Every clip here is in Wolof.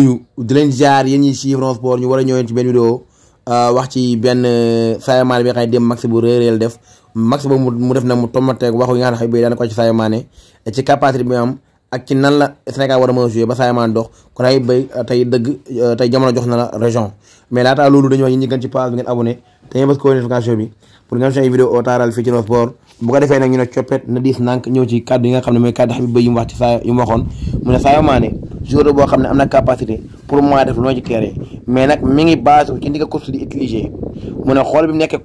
ñu di leen jaar yéen ñi ci Fran Sport ñu war a ñëween ci benn vidéo euh, wax ci benn euh, Sadio Mané bi nga dem ne démb max bu réeréel def max ba mu def na mu tomateeg waxu yi nga xam ne xëy daan ko ci Sadio Mané ci capacité bi am ak ci nan la Sénégal war a mën a ba Sadio Mané dox kon ay bay euh, tey dëgg tey jamono jox na la région mais laata loolu dañu wax ñi ñi ci page bi ngeen abonné te ngeen bës ko notification bi pour ngeen seen ay vidéo taaral fii ci Fran Sport bu ko defee nag ñu ne coppet na diis nànk ñëw ci kàddu yi nga xam ne mooy kàddu Habib Beye yu mu wax ci saa ne Sadio Mané boo xam ne am na capacité pour moi def lu ma ci terrain mais nag mi ngi base ci ndi ko course ne xool bi nekkee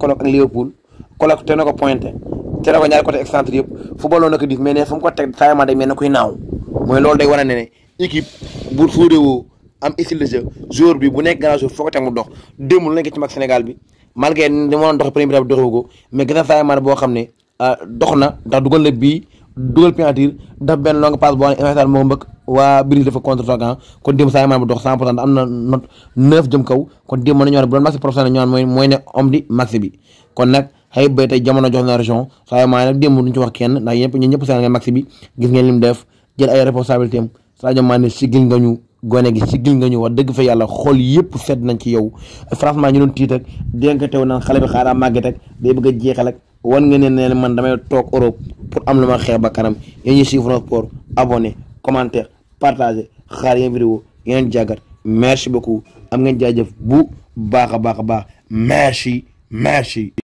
Colloque ak na ko pointé te na ko ñaari yëpp football na ko diis mais ne fu mu ko teg Sadio Mané day loolu day war a ne ne équipe bu suurewoo am style de bi bu nekk grand joueur foo ko teg mu dox démb lu nekk ci mag Sénégal bi malgré ni ma dox premier bi doxewu ko mais gis na boo xam ne Euh, dox na ndax dugal na bii dugal penalty daf benn longue passe boo xam ne Ismaïla Sarr moo mbëkk waa Bruges dafa contre Sochaux kon démb saa yi bu dox 100 pour cent na note 9 jëm kaw kon démb mën nañu wax ne bu wax kenn ndax ñëpp ñun ñëpp seen gis ngeen lim def jël ay responsabilités am Sadio nga ñu gone gi sigil nga ñu dëgg fa yàlla xool yëpp sedd nañ ci yow franchement ñu doon tiit ak dénk teew naan xale bi xaaraa màgget ak day bëgg a jeexal wan nga ne ne man damay toog Europe pour am lu xeex ba kanam yéen ñi suivre sport abonné commentaire partagé xaar yéen vidéo yéen jàggat merci beaucoup am ngeen jaajëf bu baax a baax a baax merci merci